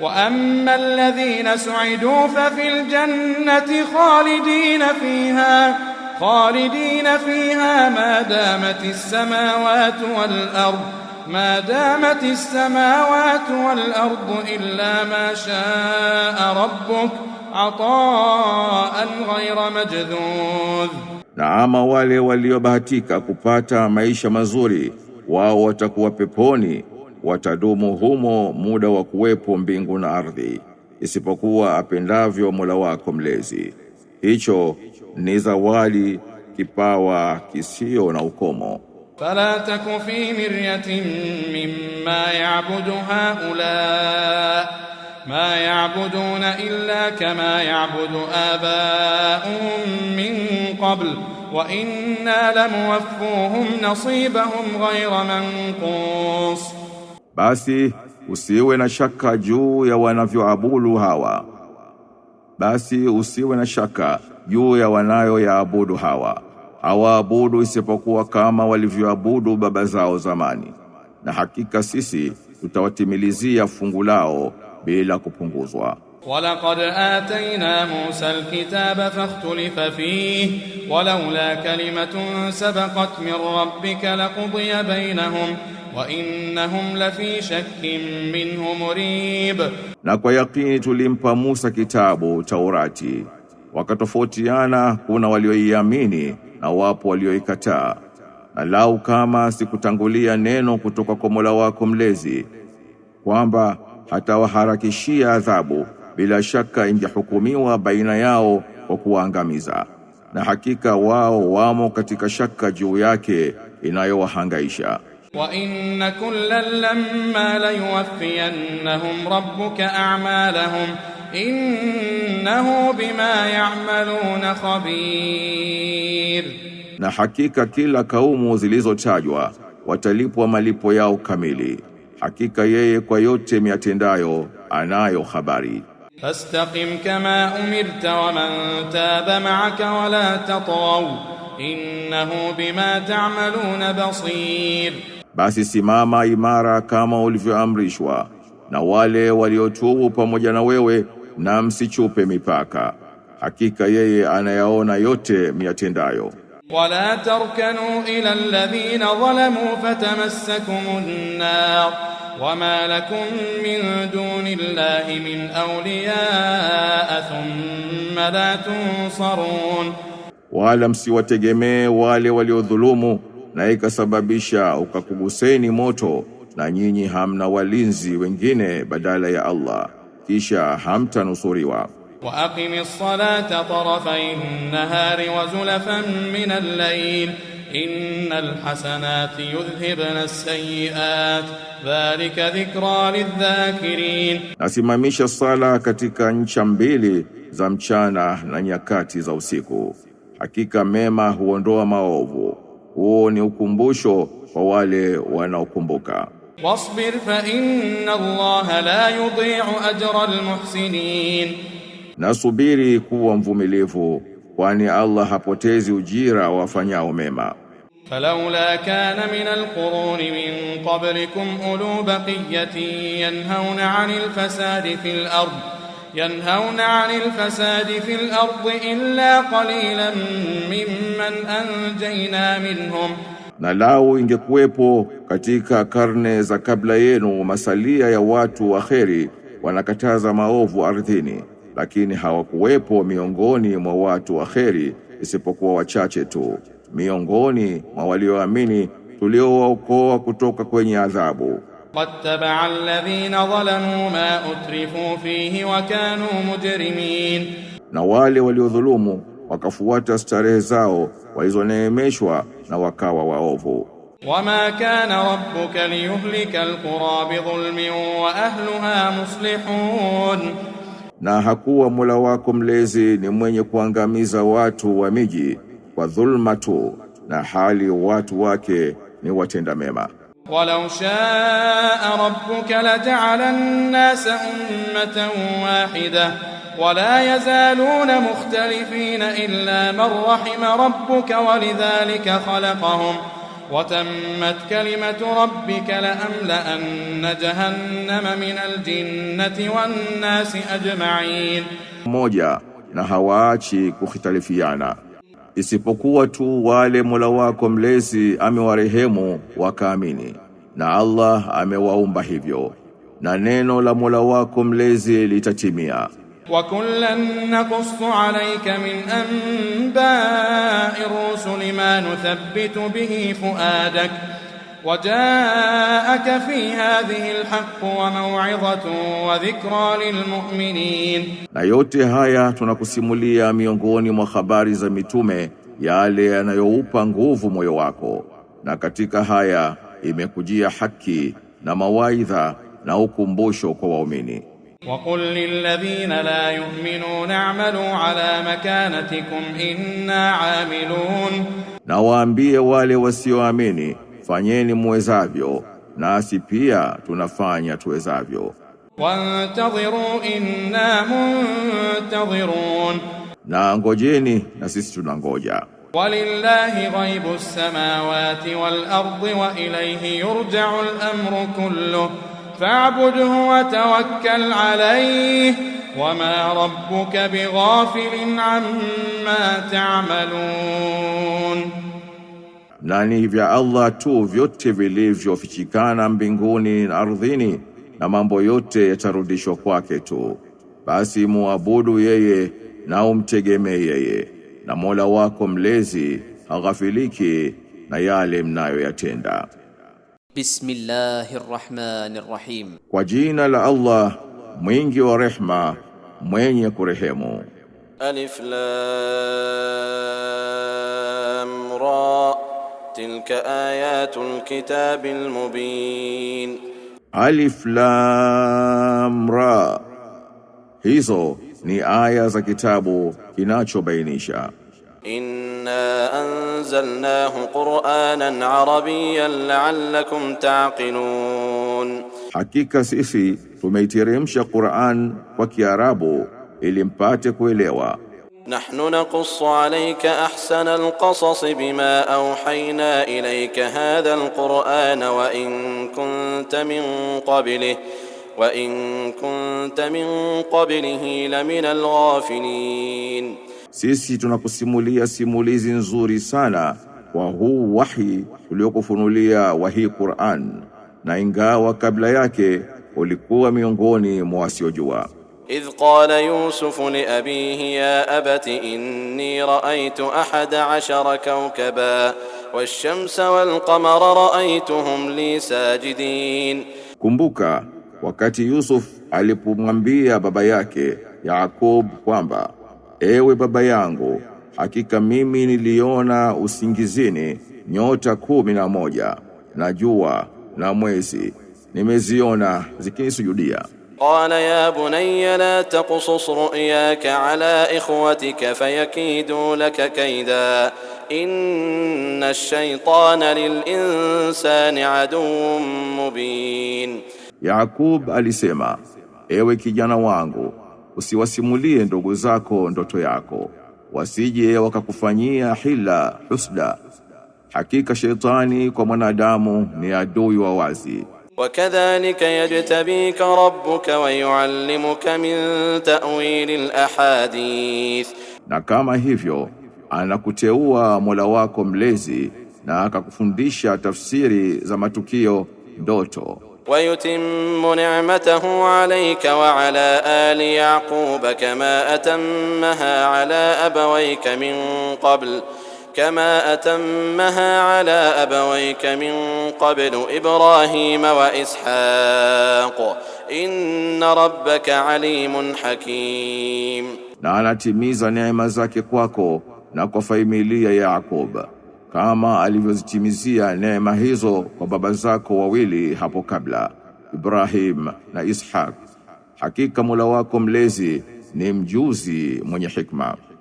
وأما الذين سعدوا ففي الجنة خالدين فيها خالدين فيها ما دامت السماوات والأرض ما دامت السماوات والأرض إلا ما شاء ربك عطاء غير مجذوذ نعم والي wale waliobahatika kupata maisha mazuri wao watakuwa peponi watadumu humo muda wa kuwepo mbingu na ardhi, isipokuwa apendavyo Mola wako mlezi. Hicho ni zawadi, kipawa kisio na ukomo. Fala taku fi miryatin mimma ya'budu haula ma ya'buduna illa kama ya'budu abaum min qabl wa inna lamuwaffuhum nasibahum ghayra manqus basi usiwe na shaka juu ya wanavyoabudu hawa. Basi usiwe na shaka juu ya wanayoyaabudu hawa. Hawaabudu isipokuwa kama walivyoabudu baba zao zamani, na hakika sisi tutawatimilizia fungu lao bila kupunguzwa. Walaqad atayna Musa alkitaba fakhtulifa fihi walaula kalimatun sabaqat min rabbika laqudiya bainahum وإنهم لفي شك منه مريب na kwa yakini tulimpa Musa kitabu Taurati wakatofautiana kuna walioiamini na wapo walioikataa na lau kama sikutangulia neno kutoka kwa Mola wako mlezi kwamba hatawaharakishia adhabu bila shaka ingehukumiwa baina yao kwa kuwaangamiza na hakika wao wamo katika shaka juu yake inayowahangaisha وإن كلا لما ليوفينهم ربك أعمالهم innahu bima ya'maluna khabir, na hakika kila kaumu zilizotajwa watalipwa malipo yao kamili. Hakika yeye kwa yote miatendayo anayo habari. Fastaqim kama umirta wa man taba ma'aka wa la tatghaw innahu bima ta'maluna basir basi simama imara kama ulivyoamrishwa na wale waliotubu pamoja na wewe na msichupe mipaka hakika yeye anayaona yote miyatendayo wala tarkanu ila alladhina zalamu fatamassakumun nar wama lakum min duni llahi min awliya thumma la tunsarun wala msiwategemee wale waliodhulumu na ikasababisha ukakuguseni moto na nyinyi hamna walinzi wengine badala ya Allah, kisha hamtanusuriwa. wa aqimis salata tarafay nahari wa zulafan min al-layl innal hasanati yudhhibna as-sayyi'at dhalika dhikra lidh-dhakirin, nasimamisha sala katika ncha mbili za mchana na nyakati za usiku, hakika mema huondoa maovu huo ni ukumbusho kwa wale wanaokumbuka. Wasbir fa inna Allaha la yudhi'u ajra almuhsinin, nasubiri kuwa mvumilivu, kwani Allah hapotezi ujira wa wafanyao mema. Falaula kana min alquruni min qablikum ulu baqiyatin yanhauna 'anil fasadi fil ardh ينهون عن الفساد في الأرض إلا قليلا ممن أنجينا منهم na lau ingekuwepo katika karne za kabla yenu masalia ya watu wa kheri wanakataza maovu ardhini, lakini hawakuwepo miongoni mwa watu wa kheri isipokuwa wachache tu miongoni mwa walioamini tuliowaokoa kutoka kwenye adhabu. قد الذين ظلموا ma utrifu fihi wa kanu na wale waliodhulumu wakafuata starehe zao walizoneemeshwa na wakawa waovu. Wama kana rabbuka liyuhlika alqura bidhulmin wa ahliha muslihun, na hakuwa Mola wako mlezi ni mwenye kuangamiza watu wa miji kwa dhulma tu, na hali watu wake ni watenda mema. ولو شاء ربك لجعل الناس أمة واحدة ولا يزالون مختلفين إلا من رحم ربك ولذلك خلقهم وتمت كلمة ربك لأملأن جهنم من الجنة والناس أجمعين موجة نهواتي كختلفيانا isipokuwa tu wale Mola wako mlezi amewarehemu wakaamini, na Allah amewaumba hivyo, na neno la Mola wako mlezi litatimia. wa kullan naqussu alayka min anba'i rusuli ma nuthabbitu bihi fuadak وجاءك في هذه الحق wa وذكرى للمؤمنين dhikra lilmu'minin, na yote haya tunakusimulia miongoni mwa habari za mitume yale yanayoupa nguvu moyo wako, na katika haya imekujia haki na mawaidha na ukumbusho kwa waumini. Waqul lilladhina la yu'minuna a'malu ala makanatikum inna 'amilun, na wale wasioamini fanyeni muwezavyo, nasi pia tunafanya tuwezavyo. Wantadhiru inna muntadhirun, na ngojeni na sisi tunangoja. Walillahi ghaibu samawati wal ardi wa ilayhi yurja'u al amru kullu fa'budhu wa tawakkal alayhi wama rabbuka bighafilin amma ta'malun ta na ni vya Allah tu vyote vilivyofichikana mbinguni na ardhini, na mambo yote yatarudishwa kwake tu. Basi muabudu yeye na umtegemee yeye, na Mola wako mlezi haghafiliki na yale mnayoyatenda. Bismillahir Rahmanir Rahim, kwa jina la Allah mwingi wa rehma mwenye kurehemu. Alif Lam Ra تلك آيات الكتاب المبين. Alif Lam Ra, hizo ni aya za kitabu kinachobainisha. Inna anzalnahu Qur'anan Arabiyyan la'allakum ta'qilun, hakika sisi tumeiteremsha Qur'an kwa Kiarabu ili mpate kuelewa. نحن نقص عليك احسن القصص بما اوحينا اليك هذا القران وان كنت من قبله وان كنت من قبله لمن الغافلين sisi tunakusimulia simulizi nzuri sana kwa huu wahi uliokufunulia wa hii Qur'an na ingawa kabla yake ulikuwa miongoni mwa wasiojua إذ قال يوسف لأبيه يا أبت إني رأيت أحد عشر كوكبا والشمس والقمر رأيتهم لي ساجدين Kumbuka wakati Yusuf alipomwambia baba yake Yakob kwamba ewe baba yangu hakika mimi niliona usingizini nyota kumi na moja na jua na mwezi nimeziona zikinisujudia قال يا بني لا تقصص رؤياك على إخوتك فيكيدوا لك كيدا إن الشيطان للإنسان عدو mubin. Yaakub alisema, ewe kijana wangu, usiwasimulie ndugu zako ndoto yako, wasije wakakufanyia hila husda. Hakika shetani kwa mwanadamu ni adui wa wazi. وكذلك يجتبيك ربك ويعلمك min تأويل الأحاديث na kama hivyo anakuteua Mola wako mlezi na akakufundisha tafsiri za matukio ndoto ويتم نعمته عليك وعلى آل يعقوب كما أتمها على أبويك من قبل كما أتمها على أبويك من قبل إبراهيم وإسحاق إن ربك عليم حكيم na anatimiza neema zake kwako na kwa familia ya Yakob kama alivyozitimizia neema hizo kwa baba zako wawili hapo kabla Ibrahim na Ishaq. Hakika Mola wako mlezi ni mjuzi mwenye hikma.